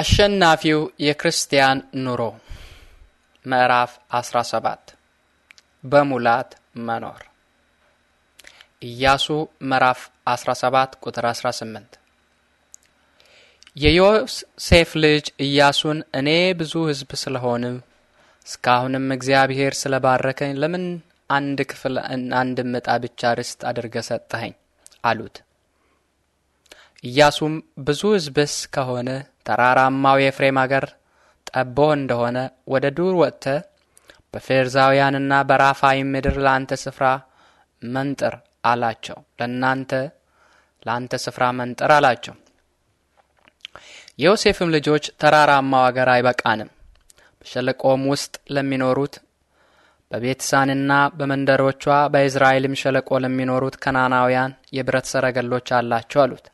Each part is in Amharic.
አሸናፊው የክርስቲያን ኑሮ ምዕራፍ 17 በሙላት መኖር ኢያሱ ምዕራፍ 17 ቁጥር 18 የዮሴፍ ልጅ ኢያሱን እኔ ብዙ ሕዝብ ስለሆን እስካሁንም እግዚአብሔር ስለ ባረከኝ ለምን አንድ ክፍል አንድ ምጣ ብቻ ርስት አድርገ ሰጠኸኝ አሉት። ኢያሱም ብዙ ሕዝብስ ከሆነ ተራራማው የፍሬም አገር ጠቦ እንደሆነ ወደ ዱር ወጥተ በፌርዛውያንና በራፋይም ምድር ለአንተ ስፍራ መንጥር አላቸው። ለእናንተ ለአንተ ስፍራ መንጥር አላቸው። የዮሴፍም ልጆች ተራራማው አገር አይበቃንም፣ በሸለቆም ውስጥ ለሚኖሩት በቤትሳንና በመንደሮቿ በእዝራኤልም ሸለቆ ለሚኖሩት ከናናውያን የብረት ሰረገሎች አላቸው አሉት።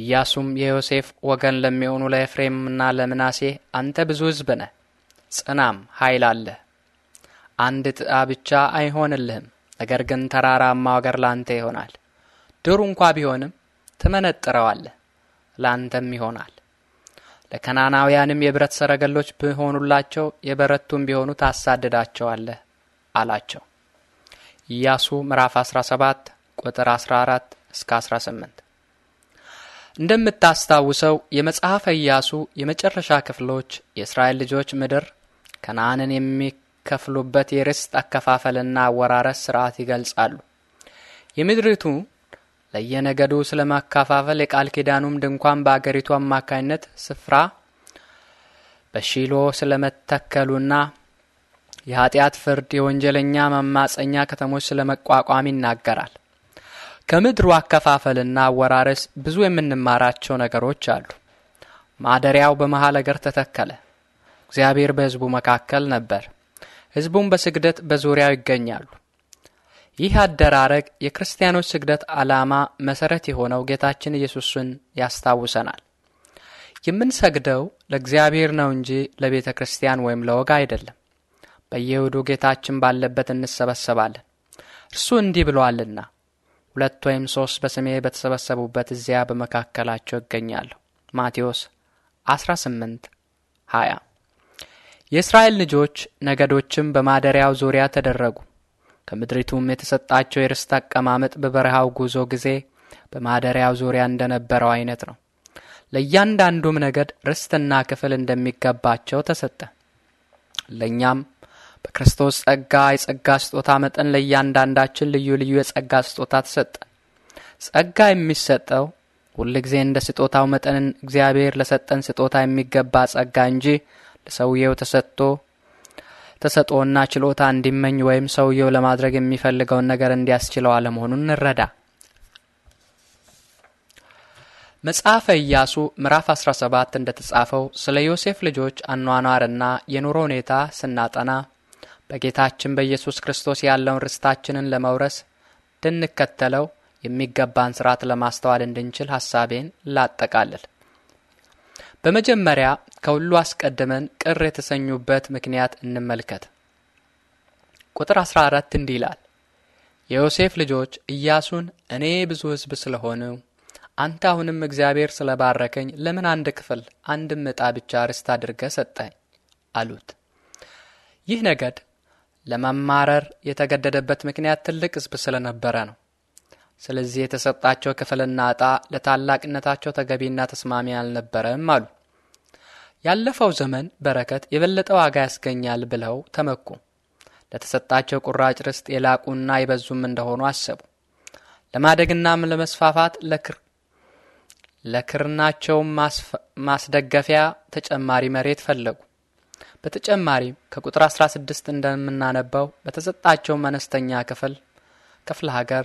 ኢያሱም የዮሴፍ ወገን ለሚሆኑ ለኤፍሬምና ለምናሴ አንተ ብዙ ሕዝብ ነህ፣ ጽናም ኃይል አለህ። አንድ ዕጣ ብቻ አይሆንልህም፣ ነገር ግን ተራራማ አገር ላንተ ይሆናል። ድሩ እንኳ ቢሆንም ትመነጥረዋለህ፣ ላንተም ይሆናል። ለከናናውያንም የብረት ሰረገሎች ቢሆኑላቸው የበረቱም ቢሆኑ ታሳድዳቸዋለህ አላቸው። ኢያሱ ምዕራፍ 17 ቁጥር 14 እስከ 18 እንደምታስታውሰው የመጽሐፈ ኢያሱ የመጨረሻ ክፍሎች የእስራኤል ልጆች ምድር ከነአንን የሚከፍሉበት የርስት አከፋፈልና አወራረስ ስርዓት ይገልጻሉ። የምድሪቱ ለየነገዱ ስለማከፋፈል የቃል ኪዳኑም ድንኳን በአገሪቱ አማካኝነት ስፍራ በሺሎ ስለመተከሉና የኃጢአት ፍርድ የወንጀለኛ መማጸኛ ከተሞች ስለመቋቋም ይናገራል። ከምድሩ አከፋፈልና አወራረስ ብዙ የምንማራቸው ነገሮች አሉ። ማደሪያው በመሃል አገር ተተከለ። እግዚአብሔር በሕዝቡ መካከል ነበር። ሕዝቡም በስግደት በዙሪያው ይገኛሉ። ይህ አደራረግ የክርስቲያኖች ስግደት ዓላማ መሠረት የሆነው ጌታችን ኢየሱስን ያስታውሰናል። የምንሰግደው ለእግዚአብሔር ነው እንጂ ለቤተ ክርስቲያን ወይም ለወጋ አይደለም። በየእሁዱ ጌታችን ባለበት እንሰበሰባለን። እርሱ እንዲህ ብሏልና ሁለት ወይም ሶስት በስሜ በተሰበሰቡበት እዚያ በመካከላቸው እገኛለሁ። ማቴዎስ 18 20 የእስራኤል ልጆች ነገዶችም በማደሪያው ዙሪያ ተደረጉ። ከምድሪቱም የተሰጣቸው የርስት አቀማመጥ በበረሃው ጉዞ ጊዜ በማደሪያው ዙሪያ እንደነበረው አይነት ነው። ለእያንዳንዱም ነገድ ርስትና ክፍል እንደሚገባቸው ተሰጠ። ለእኛም በክርስቶስ ጸጋ የጸጋ ስጦታ መጠን ለእያንዳንዳችን ልዩ ልዩ የጸጋ ስጦታ ተሰጠ። ጸጋ የሚሰጠው ሁልጊዜ እንደ ስጦታው መጠን እግዚአብሔር ለሰጠን ስጦታ የሚገባ ጸጋ እንጂ ለሰውየው ተሰጥቶ ተሰጦና ችሎታ እንዲመኝ ወይም ሰውየው ለማድረግ የሚፈልገውን ነገር እንዲያስችለው አለመሆኑን እንረዳ። መጽሐፈ ኢያሱ ምዕራፍ 17 እንደተጻፈው ስለ ዮሴፍ ልጆች አኗኗርና የኑሮ ሁኔታ ስናጠና በጌታችን በኢየሱስ ክርስቶስ ያለውን ርስታችንን ለመውረስ እንድንከተለው የሚገባን ስርዓት ለማስተዋል እንድንችል ሐሳቤን ላጠቃልል። በመጀመሪያ ከሁሉ አስቀድመን ቅር የተሰኙበት ምክንያት እንመልከት። ቁጥር 14 እንዲህ ይላል፣ የዮሴፍ ልጆች ኢያሱን እኔ ብዙ ሕዝብ ስለሆነው አንተ አሁንም እግዚአብሔር ስለ ባረከኝ ለምን አንድ ክፍል አንድም ዕጣ ብቻ ርስት አድርገህ ሰጠኝ አሉት። ይህ ነገድ ለመማረር የተገደደበት ምክንያት ትልቅ ሕዝብ ስለነበረ ነው። ስለዚህ የተሰጣቸው ክፍልና ዕጣ ለታላቅነታቸው ተገቢና ተስማሚ አልነበረም አሉ። ያለፈው ዘመን በረከት የበለጠ ዋጋ ያስገኛል ብለው ተመኩ። ለተሰጣቸው ቁራጭ ርስት የላቁና የበዙም እንደሆኑ አሰቡ። ለማደግናም ለመስፋፋት ለክርናቸውም ማስደገፊያ ተጨማሪ መሬት ፈለጉ። በተጨማሪም ከቁጥር 16 እንደምናነባው በተሰጣቸው መነስተኛ ክፍል ክፍለ ሀገር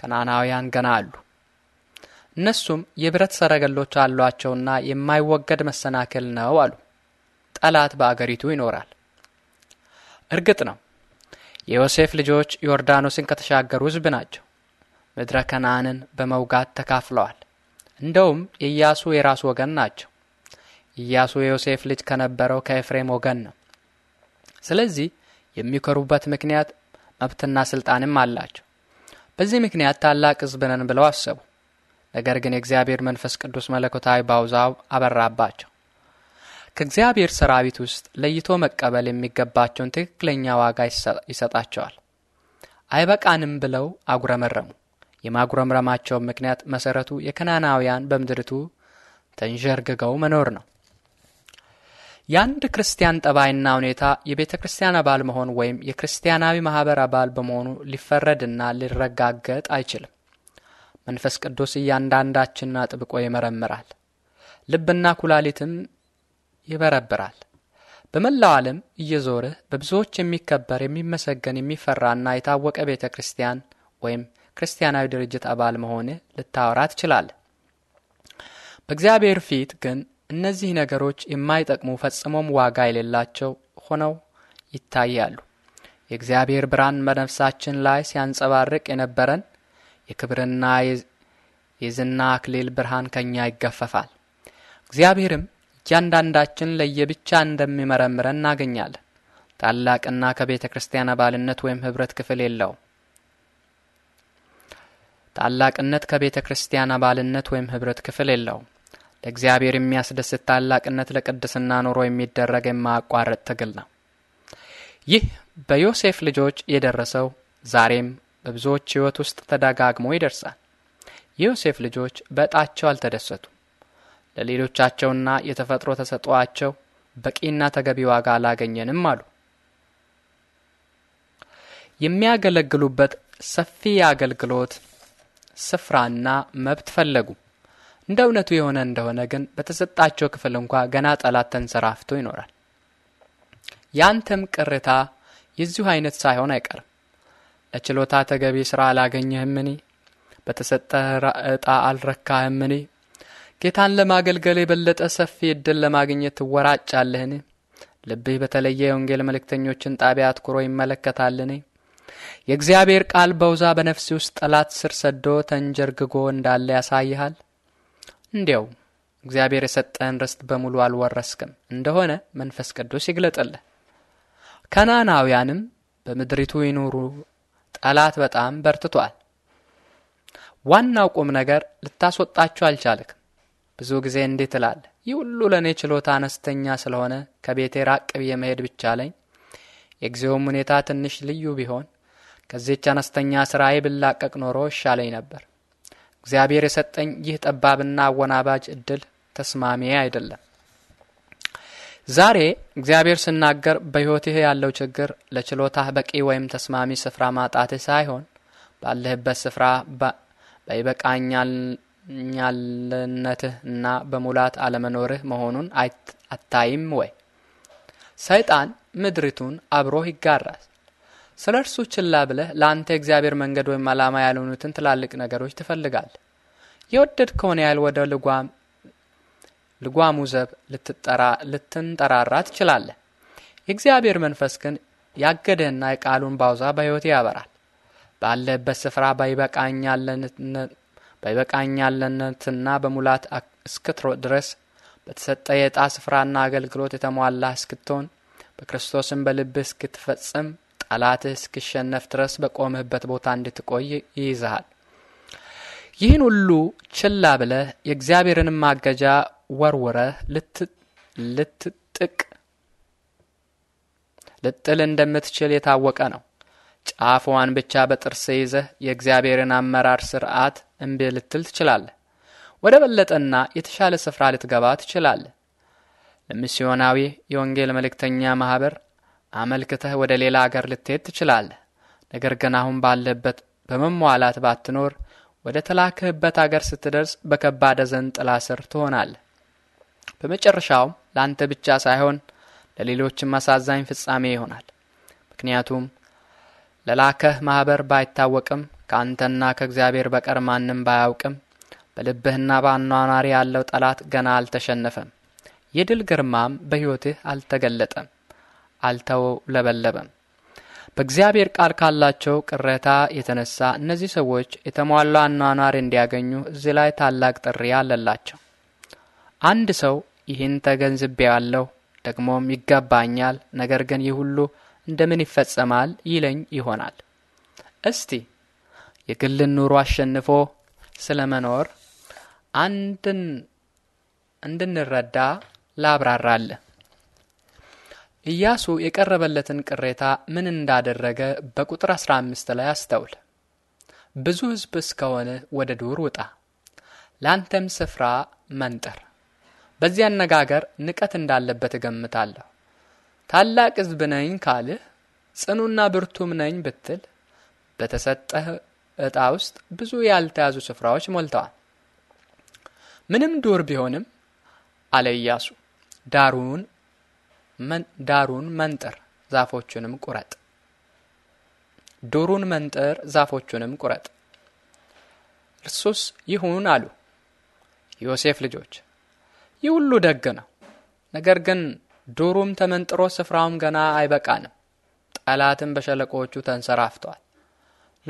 ከናናውያን ገና አሉ። እነሱም የብረት ሰረገሎች አሏቸውና የማይወገድ መሰናክል ነው አሉ። ጠላት በአገሪቱ ይኖራል። እርግጥ ነው የዮሴፍ ልጆች ዮርዳኖስን ከተሻገሩ ሕዝብ ናቸው። ምድረ ከነአንን በመውጋት ተካፍለዋል። እንደውም የኢያሱ የራሱ ወገን ናቸው። ኢያሱ የዮሴፍ ልጅ ከነበረው ከኤፍሬም ወገን ነው። ስለዚህ የሚኮሩበት ምክንያት መብትና ስልጣንም አላቸው። በዚህ ምክንያት ታላቅ ሕዝብ ነን ብለው አሰቡ። ነገር ግን የእግዚአብሔር መንፈስ ቅዱስ መለኮታዊ ባውዛው አበራባቸው። ከእግዚአብሔር ሰራዊት ውስጥ ለይቶ መቀበል የሚገባቸውን ትክክለኛ ዋጋ ይሰጣቸዋል። አይበቃንም ብለው አጉረመረሙ። የማጉረምረማቸውን ምክንያት መሰረቱ የከናናውያን በምድርቱ ተንዠርግገው መኖር ነው። የአንድ ክርስቲያን ጠባይና ሁኔታ የቤተ ክርስቲያን አባል መሆን ወይም የክርስቲያናዊ ማኅበር አባል በመሆኑ ሊፈረድና ሊረጋገጥ አይችልም። መንፈስ ቅዱስ እያንዳንዳችንን አጥብቆ ይመረምራል፣ ልብና ኩላሊትም ይበረብራል። በመላው ዓለም እየዞርህ በብዙዎች የሚከበር የሚመሰገን የሚፈራና የታወቀ ቤተ ክርስቲያን ወይም ክርስቲያናዊ ድርጅት አባል መሆንህ ልታወራ ትችላለህ። በእግዚአብሔር ፊት ግን እነዚህ ነገሮች የማይጠቅሙ ፈጽሞም ዋጋ የሌላቸው ሆነው ይታያሉ። የእግዚአብሔር ብርሃን በነፍሳችን ላይ ሲያንጸባርቅ የነበረን የክብርና የዝና አክሊል ብርሃን ከኛ ይገፈፋል። እግዚአብሔርም እያንዳንዳችን ለየብቻ እንደሚመረምረን እናገኛለን። ታላቅና ከቤተ ክርስቲያን አባልነት ወይም ህብረት ክፍል የለውም። ታላቅነት ከቤተ ክርስቲያን አባልነት ወይም ህብረት ክፍል የለውም። ለእግዚአብሔር የሚያስደስት ታላቅነት ለቅድስና ኑሮ የሚደረግ የማያቋርጥ ትግል ነው። ይህ በዮሴፍ ልጆች የደረሰው ዛሬም በብዙዎች ሕይወት ውስጥ ተደጋግሞ ይደርሳል። የዮሴፍ ልጆች በጣቸው አልተደሰቱም። ለሌሎቻቸውና የተፈጥሮ ተሰጥኦአቸው በቂና ተገቢ ዋጋ አላገኘንም አሉ። የሚያገለግሉበት ሰፊ የአገልግሎት ስፍራና መብት ፈለጉ። እንደ እውነቱ የሆነ እንደሆነ ግን በተሰጣቸው ክፍል እንኳ ገና ጠላት ተንሰራፍቶ ይኖራል። ያንተም ቅሬታ የዚሁ አይነት ሳይሆን አይቀርም። ለችሎታ ተገቢ ሥራ አላገኘህምኒ? በተሰጠ ዕጣ አልረካህምኒ? ጌታን ለማገልገል የበለጠ ሰፊ እድል ለማግኘት ትወራጫለህን? ልብህ በተለየ የወንጌል መልእክተኞችን ጣቢያ አትኩሮ ይመለከታልን? የእግዚአብሔር ቃል በውዛ በነፍሴ ውስጥ ጠላት ስር ሰዶ ተንጀርግጎ እንዳለ ያሳይሃል። እንዲያው እግዚአብሔር የሰጠህን ርስት በሙሉ አልወረስክም እንደሆነ መንፈስ ቅዱስ ይግለጥልህ። ከናናውያንም በምድሪቱ ይኑሩ፣ ጠላት በጣም በርትቷል። ዋናው ቁም ነገር ልታስወጣቸው አልቻልክም። ብዙ ጊዜ እንዴት እላለህ፣ ይህ ሁሉ ለእኔ ችሎታ አነስተኛ ስለሆነ ከቤቴ ራቅ ብዬ መሄድ ብቻ ለኝ። የጊዜውም ሁኔታ ትንሽ ልዩ ቢሆን ከዚች አነስተኛ ስራዬ ብላቀቅ ኖሮ ይሻለኝ ነበር። እግዚአብሔር የሰጠኝ ይህ ጠባብና አወናባጅ እድል ተስማሚ አይደለም። ዛሬ እግዚአብሔር ስናገር በሕይወትህ ያለው ችግር ለችሎታህ በቂ ወይም ተስማሚ ስፍራ ማጣትህ ሳይሆን ባለህበት ስፍራ በይበቃኛልነትህ እና በሙላት አለመኖርህ መሆኑን አታይም ወይ? ሰይጣን ምድሪቱን አብሮህ ይጋራል። ስለ እርሱ ችላ ብለህ ለአንተ የእግዚአብሔር መንገድ ወይም ዓላማ ያልሆኑትን ትላልቅ ነገሮች ትፈልጋል። የወደድ ከሆነ ያህል ወደ ልጓሙ ዘብ ልትንጠራራ ትችላለህ። የእግዚአብሔር መንፈስ ግን ያገደህና የቃሉን ባውዛ በሕይወት ያበራል። ባለህበት ስፍራ በይበቃኛለነትና በሙላት እስክትሮ ድረስ በተሰጠ የዕጣ ስፍራና አገልግሎት የተሟላህ እስክትሆን በክርስቶስም በልብህ እስክትፈጽም ጠላትህ እስክሸነፍ ድረስ በቆምህበት ቦታ እንድትቆይ ይይዝሃል። ይህን ሁሉ ችላ ብለህ የእግዚአብሔርን ማገጃ ወርውረህ ልትጥቅ ልጥል እንደምትችል የታወቀ ነው። ጫፏን ብቻ በጥርስ ይዘህ የእግዚአብሔርን አመራር ስርዓት እምቢ ልትል ትችላለህ። ወደ በለጠና የተሻለ ስፍራ ልትገባ ትችላለህ። ለሚስዮናዊ የወንጌል መልእክተኛ ማኅበር አመልክተህ ወደ ሌላ አገር ልትሄድ ትችላለህ። ነገር ግን አሁን ባለበት በመሟላት ባትኖር ወደ ተላክህበት አገር ስትደርስ በከባድ ሐዘን ጥላ ስር ትሆናለህ። በመጨረሻውም ለአንተ ብቻ ሳይሆን ለሌሎችም አሳዛኝ ፍጻሜ ይሆናል። ምክንያቱም ለላከህ ማኅበር ባይታወቅም ከአንተና ከእግዚአብሔር በቀር ማንም ባያውቅም በልብህና በአኗኗሪ ያለው ጠላት ገና አልተሸነፈም። የድል ግርማም በሕይወትህ አልተገለጠም። አልተውለበለበም። በእግዚአብሔር ቃል ካላቸው ቅሬታ የተነሳ እነዚህ ሰዎች የተሟላ አኗኗር እንዲያገኙ እዚህ ላይ ታላቅ ጥሪ አለላቸው። አንድ ሰው ይህን ተገንዝቤያለሁ፣ ደግሞም ይገባኛል፣ ነገር ግን ይህ ሁሉ እንደምን ይፈጸማል ይለኝ ይሆናል። እስቲ የግልን ኑሮ አሸንፎ ስለ መኖር አንድን እንድንረዳ ላብራራለን። ኢያሱ የቀረበለትን ቅሬታ ምን እንዳደረገ በቁጥር 15 ላይ አስተውል። ብዙ ሕዝብ እስከሆነ ወደ ዱር ውጣ፣ ላንተም ስፍራ መንጠር። በዚህ አነጋገር ንቀት እንዳለበት እገምታለሁ። ታላቅ ሕዝብ ነኝ ካልህ፣ ጽኑና ብርቱም ነኝ ብትል፣ በተሰጠህ ዕጣ ውስጥ ብዙ ያልተያዙ ስፍራዎች ሞልተዋል። ምንም ዱር ቢሆንም አለ ኢያሱ ዳሩን ዳሩን መንጥር ዛፎቹንም ቁረጥ። ዱሩን መንጥር ዛፎቹንም ቁረጥ። እርሱስ ይሁን አሉ። ዮሴፍ ልጆች ይህ ሁሉ ደግ ነው፣ ነገር ግን ዱሩም ተመንጥሮ ስፍራውም ገና አይበቃንም። ጠላትም በሸለቆዎቹ ተንሰራፍቷል።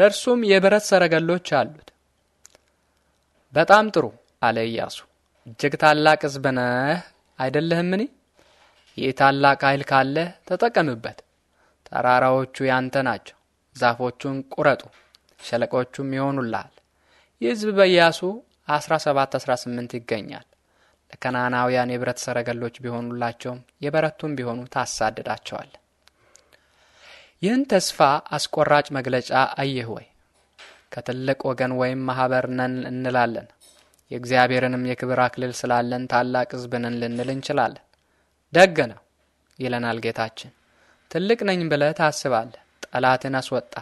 ለእርሱም የብረት ሰረገሎች አሉት። በጣም ጥሩ አለ ኢያሱ፣ እጅግ ታላቅ ሕዝብ ነህ አይደለህምን? ይህ ታላቅ ኃይል ካለ ተጠቀምበት። ተራራዎቹ ያንተ ናቸው፣ ዛፎቹን ቁረጡ፣ ሸለቆቹም ይሆኑልሃል። ይህ ሕዝብ በኢያሱ 17 18 ይገኛል። ለከናናውያን የብረት ሰረገሎች ቢሆኑላቸውም የበረቱም ቢሆኑ ታሳድዳቸዋል። ይህን ተስፋ አስቆራጭ መግለጫ አየህ ወይ? ከትልቅ ወገን ወይም ማኅበር ነን እንላለን። የእግዚአብሔርንም የክብር አክሊል ስላለን ታላቅ ሕዝብ ልንል እንችላለን። ደግ ነው ይለናል ጌታችን። ትልቅ ነኝ ብለህ ታስባለህ። ጠላትን አስወጣ።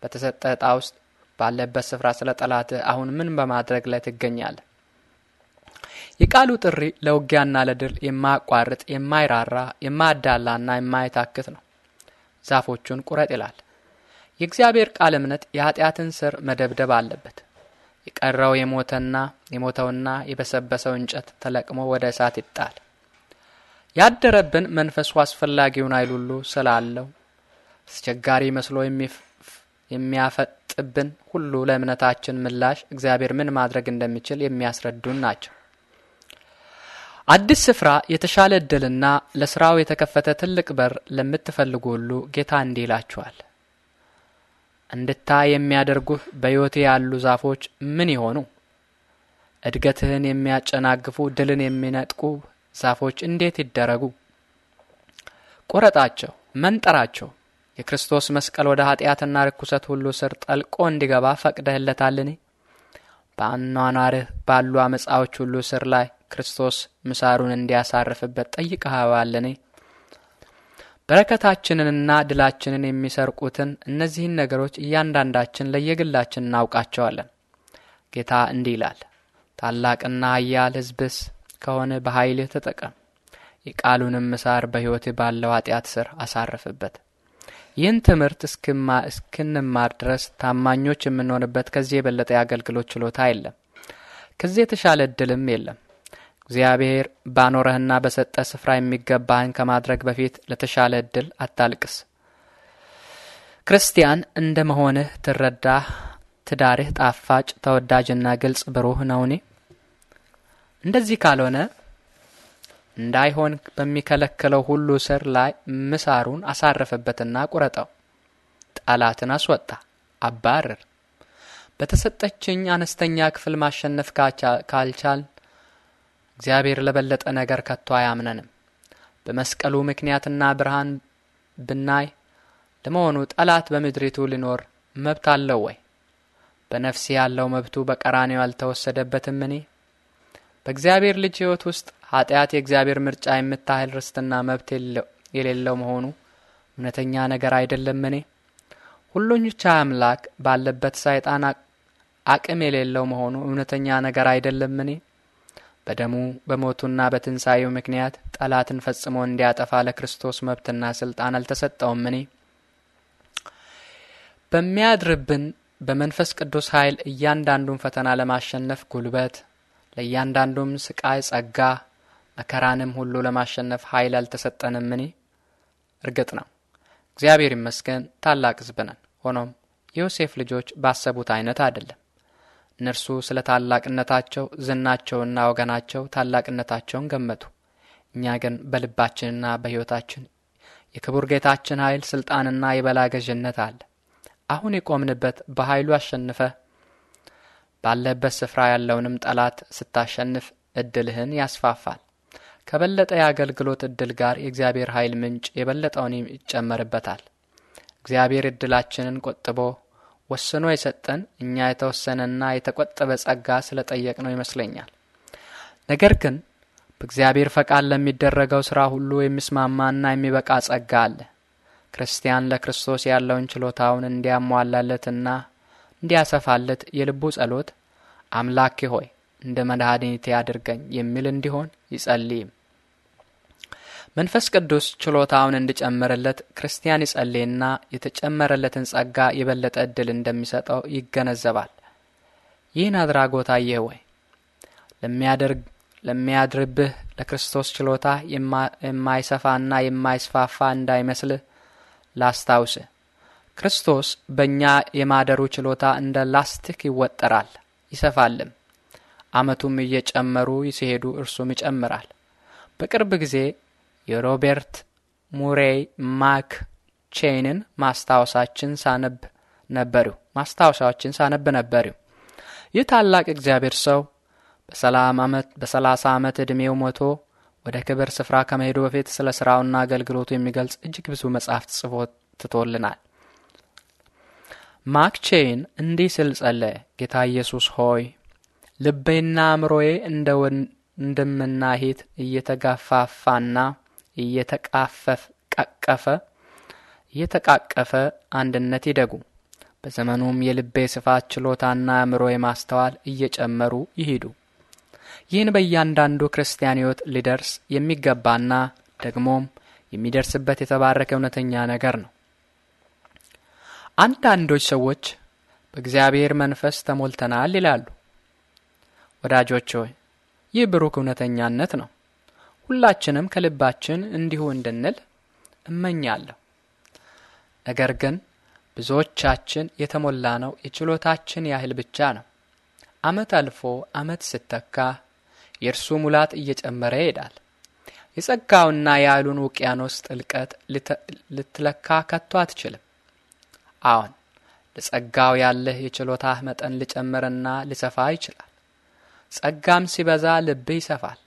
በተሰጠ ዕጣ ውስጥ ባለበት ስፍራ ስለ ጠላት አሁን ምን በማድረግ ላይ ትገኛለህ? የቃሉ ጥሪ ለውጊያና ለድል የማያቋርጥ የማይራራ፣ የማያዳላና የማይታክት ነው። ዛፎቹን ቁረጥ ይላል። የእግዚአብሔር ቃል እምነት የኃጢአትን ስር መደብደብ አለበት። የቀረው የሞተና የሞተውና የበሰበሰው እንጨት ተለቅሞ ወደ እሳት ይጣል። ያደረብን መንፈሱ አስፈላጊውን ኃይል ሁሉ ስላለው አስቸጋሪ መስሎ የሚያፈጥብን ሁሉ ለእምነታችን ምላሽ እግዚአብሔር ምን ማድረግ እንደሚችል የሚያስረዱን ናቸው። አዲስ ስፍራ፣ የተሻለ እድልና ለስራው የተከፈተ ትልቅ በር ለምትፈልጉ ሁሉ ጌታ እንዲህ ይላችኋል። እንድታይ የሚያደርጉህ በሕይወቴ ያሉ ዛፎች ምን ይሆኑ? እድገትህን የሚያጨናግፉ ድልን የሚነጥቁ ዛፎች እንዴት ይደረጉ? ቁረጣቸው፣ መንጠራቸው። የክርስቶስ መስቀል ወደ ኃጢአትና ርኩሰት ሁሉ ስር ጠልቆ እንዲገባ ፈቅደህለታልን? በአኗኗርህ ባሉ አመፃዎች ሁሉ ስር ላይ ክርስቶስ ምሳሩን እንዲያሳርፍበት ጠይቀኸዋልን? በረከታችንንና ድላችንን የሚሰርቁትን እነዚህን ነገሮች እያንዳንዳችን ለየግላችን እናውቃቸዋለን። ጌታ እንዲህ ይላል፣ ታላቅና ኃያል ሕዝብስ ከሆነ በኃይልህ ተጠቀም። የቃሉንም ምሳር በሕይወትህ ባለው ኃጢአት ስር አሳርፍበት። ይህን ትምህርት እስክንማር ድረስ ታማኞች የምንሆንበት ከዚህ የበለጠ የአገልግሎት ችሎታ የለም። ከዚህ የተሻለ እድልም የለም። እግዚአብሔር ባኖረህና በሰጠ ስፍራ የሚገባህን ከማድረግ በፊት ለተሻለ እድል አታልቅስ። ክርስቲያን እንደ መሆንህ ትረዳህ። ትዳርህ ጣፋጭ ተወዳጅና ግልጽ ብሩህ ነውኔ? እንደዚህ ካልሆነ እንዳይሆን በሚከለክለው ሁሉ ስር ላይ ምሳሩን አሳረፈበትና ቁረጠው። ጠላትን አስወጣ፣ አባረር። በተሰጠችኝ አነስተኛ ክፍል ማሸነፍ ካልቻል እግዚአብሔር ለበለጠ ነገር ከቶ አያምነንም። በመስቀሉ ምክንያትና ብርሃን ብናይ ለመሆኑ ጠላት በምድሪቱ ሊኖር መብት አለው ወይ? በነፍሴ ያለው መብቱ በቀራኔው ያልተወሰደበትም እኔ በእግዚአብሔር ልጅ ሕይወት ውስጥ ኃጢአት የእግዚአብሔር ምርጫ የምታህል ርስትና መብት የሌለው መሆኑ እውነተኛ ነገር አይደለምኔ? ሁሉን አምላክ ባለበት ሰይጣን አቅም የሌለው መሆኑ እውነተኛ ነገር አይደለምን በደሙ በሞቱና በትንሣኤው ምክንያት ጠላትን ፈጽሞ እንዲያጠፋ ለክርስቶስ መብትና ሥልጣን አልተሰጠውም። በሚያድርብን በመንፈስ ቅዱስ ኃይል እያንዳንዱን ፈተና ለማሸነፍ ጉልበት ለእያንዳንዱም ስቃይ ጸጋ፣ መከራንም ሁሉ ለማሸነፍ ኃይል አልተሰጠንምን? እርግጥ ነው እግዚአብሔር ይመስገን ታላቅ ሕዝብ ነን። ሆኖም የዮሴፍ ልጆች ባሰቡት አይነት አይደለም። እነርሱ ስለ ታላቅነታቸው ዝናቸውና ወገናቸው ታላቅነታቸውን ገመቱ። እኛ ግን በልባችንና በሕይወታችን የክቡር ጌታችን ኃይል ስልጣንና የበላገዥነት አለ። አሁን የቆምንበት በኃይሉ አሸንፈህ ባለህበት ስፍራ ያለውንም ጠላት ስታሸንፍ እድልህን ያስፋፋል። ከበለጠ የአገልግሎት እድል ጋር የእግዚአብሔር ኃይል ምንጭ የበለጠውን ይጨመርበታል። እግዚአብሔር እድላችንን ቆጥቦ ወስኖ የሰጠን እኛ የተወሰነና የተቆጠበ ጸጋ ስለ ነው ይመስለኛል። ነገር ግን በእግዚአብሔር ፈቃድ ለሚደረገው ሥራ ሁሉ የሚስማማና የሚበቃ ጸጋ አለ። ክርስቲያን ለክርስቶስ ያለውን ችሎታውን እንዲያሟላለትና እንዲያሰፋለት የልቡ ጸሎት አምላኬ ሆይ እንደ መድኃኒቴ አድርገኝ የሚል እንዲሆን ይጸልይም። መንፈስ ቅዱስ ችሎታውን እንዲጨምርለት ክርስቲያን ይጸልይና የተጨመረለትን ጸጋ የበለጠ ዕድል እንደሚሰጠው ይገነዘባል። ይህን አድራጎት አየህ ወይ? ለሚያድርብህ ለክርስቶስ ችሎታ የማይሰፋና የማይስፋፋ እንዳይመስልህ ላስታውስህ። ክርስቶስ በእኛ የማደሩ ችሎታ እንደ ላስቲክ ይወጠራል ይሰፋልም። አመቱም እየጨመሩ ሲሄዱ እርሱም ይጨምራል። በቅርብ ጊዜ የሮቤርት ሙሬይ ማክ ቼንን ማስታወሳችን ሳነብ ነበሩ ማስታወሻዎችን ሳነብ ነበሪው ይህ ታላቅ እግዚአብሔር ሰው በሰላሳ ዓመት ዕድሜው ሞቶ ወደ ክብር ስፍራ ከመሄዱ በፊት ስለ ሥራውና አገልግሎቱ የሚገልጽ እጅግ ብዙ መጽሐፍት ጽፎ ትቶልናል። ማክቼን እንዲህ ስል ጸለ ጌታ ኢየሱስ ሆይ ልቤና አእምሮዬ እንደ ወንድምና እህት እየተጋፋፋና ቀቀፈ እየተቃቀፈ አንድነት ይደጉ። በዘመኑም የልቤ ስፋት ችሎታና አእምሮዬ ማስተዋል እየጨመሩ ይሂዱ። ይህን በእያንዳንዱ ክርስቲያን ሕይወት ሊደርስ የሚገባና ደግሞም የሚደርስበት የተባረከ እውነተኛ ነገር ነው። አንዳንዶች ሰዎች በእግዚአብሔር መንፈስ ተሞልተናል ይላሉ። ወዳጆች ሆይ ይህ ብሩክ እውነተኛነት ነው። ሁላችንም ከልባችን እንዲሁ እንድንል እመኛለሁ። ነገር ግን ብዙዎቻችን የተሞላ ነው የችሎታችን ያህል ብቻ ነው። ዓመት አልፎ ዓመት ስተካ የእርሱ ሙላት እየጨመረ ይሄዳል። የጸጋውና የኃይሉን ውቅያኖስ ጥልቀት ልትለካ ከቶ አትችልም። አዎን ለጸጋው ያለህ የችሎታህ መጠን ሊጨምርና ሊሰፋ ይችላል። ጸጋም ሲበዛ ልብህ ይሰፋል።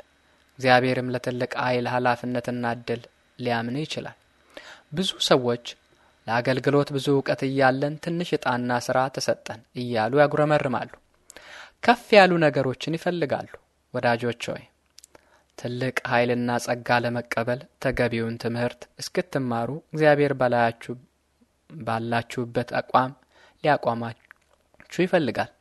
እግዚአብሔርም ለትልቅ ኃይል ኃላፊነትና እድል ሊያምን ይችላል። ብዙ ሰዎች ለአገልግሎት ብዙ እውቀት እያለን ትንሽ ዕጣና ሥራ ተሰጠን እያሉ ያጉረመርማሉ። ከፍ ያሉ ነገሮችን ይፈልጋሉ። ወዳጆች ሆይ ትልቅ ኃይልና ጸጋ ለመቀበል ተገቢውን ትምህርት እስክትማሩ እግዚአብሔር በላያችሁ ባላችሁበት አቋም ሊያቋማችሁ ይፈልጋል።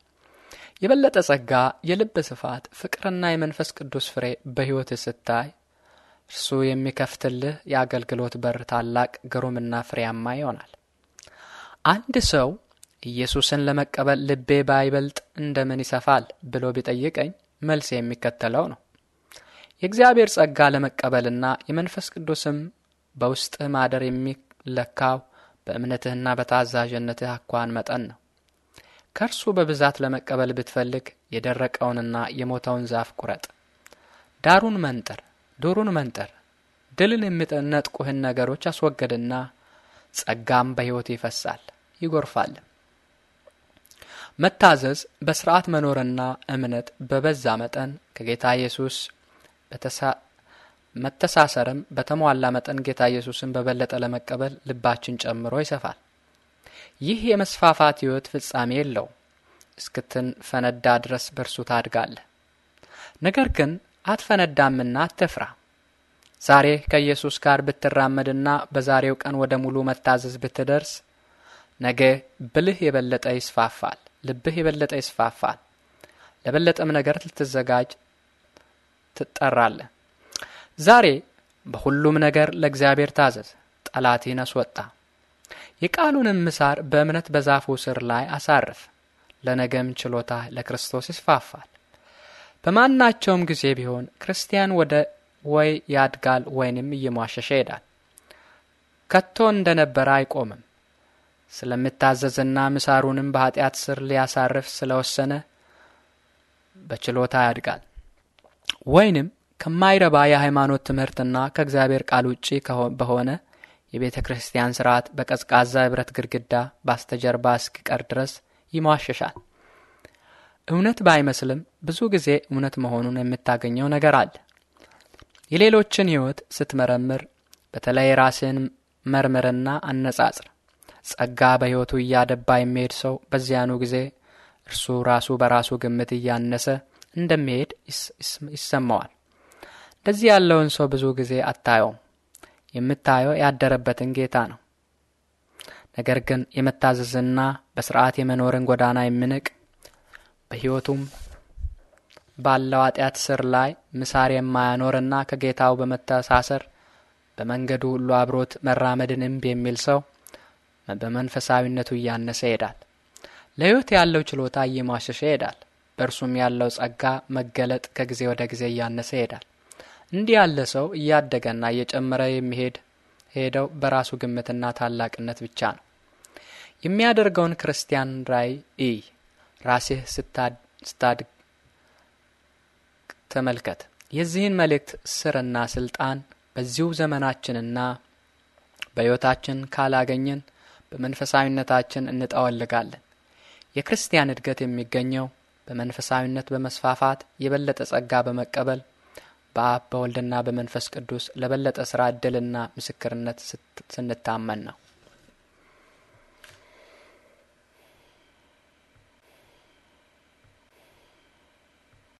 የበለጠ ጸጋ፣ የልብ ስፋት፣ ፍቅርና የመንፈስ ቅዱስ ፍሬ በሕይወት ስታይ እርሱ የሚከፍትልህ የአገልግሎት በር ታላቅ ግሩምና ፍሬያማ ይሆናል። አንድ ሰው ኢየሱስን ለመቀበል ልቤ ባይበልጥ እንደምን ይሰፋል ብሎ ቢጠይቀኝ መልስ የሚከተለው ነው። የእግዚአብሔር ጸጋ ለመቀበልና የመንፈስ ቅዱስም በውስጥህ ማደር የሚለካው በእምነትህና በታዛዥነትህ አኳን መጠን ነው። ከእርሱ በብዛት ለመቀበል ብትፈልግ የደረቀውንና የሞተውን ዛፍ ቁረጥ። ዳሩን መንጠር፣ ዱሩን መንጠር፣ ድልን የሚነጥቁህን ነገሮች አስወገድና ጸጋም በሕይወት ይፈሳል ይጎርፋል። መታዘዝ በሥርዓት መኖርና እምነት በበዛ መጠን ከጌታ ኢየሱስ መተሳሰርም በተሟላ መጠን ጌታ ኢየሱስን በበለጠ ለመቀበል ልባችን ጨምሮ ይሰፋል። ይህ የመስፋፋት ሕይወት ፍጻሜ የለው። እስክትንፈነዳ ድረስ በእርሱ ታድጋለህ። ነገር ግን አትፈነዳምና አትፍራ። ዛሬ ከኢየሱስ ጋር ብትራመድና በዛሬው ቀን ወደ ሙሉ መታዘዝ ብትደርስ ነገ ብልህ የበለጠ ይስፋፋል፣ ልብህ የበለጠ ይስፋፋል። ለበለጠም ነገር ልትዘጋጅ ትጠራለህ። ዛሬ በሁሉም ነገር ለእግዚአብሔር ታዘዝ፣ ጠላቴን አስወጣ። የቃሉንም ምሳር በእምነት በዛፉ ስር ላይ አሳርፍ። ለነገም ችሎታ ለክርስቶስ ይስፋፋል። በማናቸውም ጊዜ ቢሆን ክርስቲያን ወደ ወይ ያድጋል ወይንም እየሟሸሸ ይሄዳል። ከቶ እንደነበረ አይቆምም። ስለምታዘዝና ምሳሩንም በኃጢአት ስር ሊያሳርፍ ስለወሰነ በችሎታ ያድጋል ወይንም ከማይረባ የሃይማኖት ትምህርትና ከእግዚአብሔር ቃል ውጪ በሆነ የቤተ ክርስቲያን ስርዓት በቀዝቃዛ የብረት ግድግዳ ባስተጀርባ እስኪቀር ድረስ ይሟሸሻል። እውነት ባይመስልም ብዙ ጊዜ እውነት መሆኑን የምታገኘው ነገር አለ። የሌሎችን ሕይወት ስትመረምር በተለይ ራስን መርምርና አነጻጽር። ጸጋ በሕይወቱ እያደባ የሚሄድ ሰው በዚያኑ ጊዜ እርሱ ራሱ በራሱ ግምት እያነሰ እንደሚሄድ ይሰማዋል። እንደዚህ ያለውን ሰው ብዙ ጊዜ አታየውም። የምታየው ያደረበትን ጌታ ነው። ነገር ግን የመታዘዝና በስርዓት የመኖርን ጎዳና የሚንቅ በሕይወቱም ባለው ኃጢአት ስር ላይ ምሳር የማያኖርና ከጌታው በመተሳሰር በመንገዱ ሁሉ አብሮት መራመድን እምብ የሚል ሰው በመንፈሳዊነቱ እያነሰ ይሄዳል። ለሕይወት ያለው ችሎታ እየሟሸሸ ይሄዳል። በእርሱም ያለው ጸጋ መገለጥ ከጊዜ ወደ ጊዜ እያነሰ ይሄዳል። እንዲህ ያለ ሰው እያደገና እየጨመረ የሚሄድ ሄደው በራሱ ግምትና ታላቅነት ብቻ ነው። የሚያደርገውን ክርስቲያን ራይ እይ፣ ራስህ ስታድግ ተመልከት። የዚህን መልእክት ስርና ስልጣን በዚሁ ዘመናችንና በሕይወታችን ካላገኘን በመንፈሳዊነታችን እንጠወልጋለን። የክርስቲያን እድገት የሚገኘው በመንፈሳዊነት በመስፋፋት የበለጠ ጸጋ በመቀበል በአብ በወልድና በመንፈስ ቅዱስ ለበለጠ ስራ እድልና ምስክርነት ስንታመን ነው።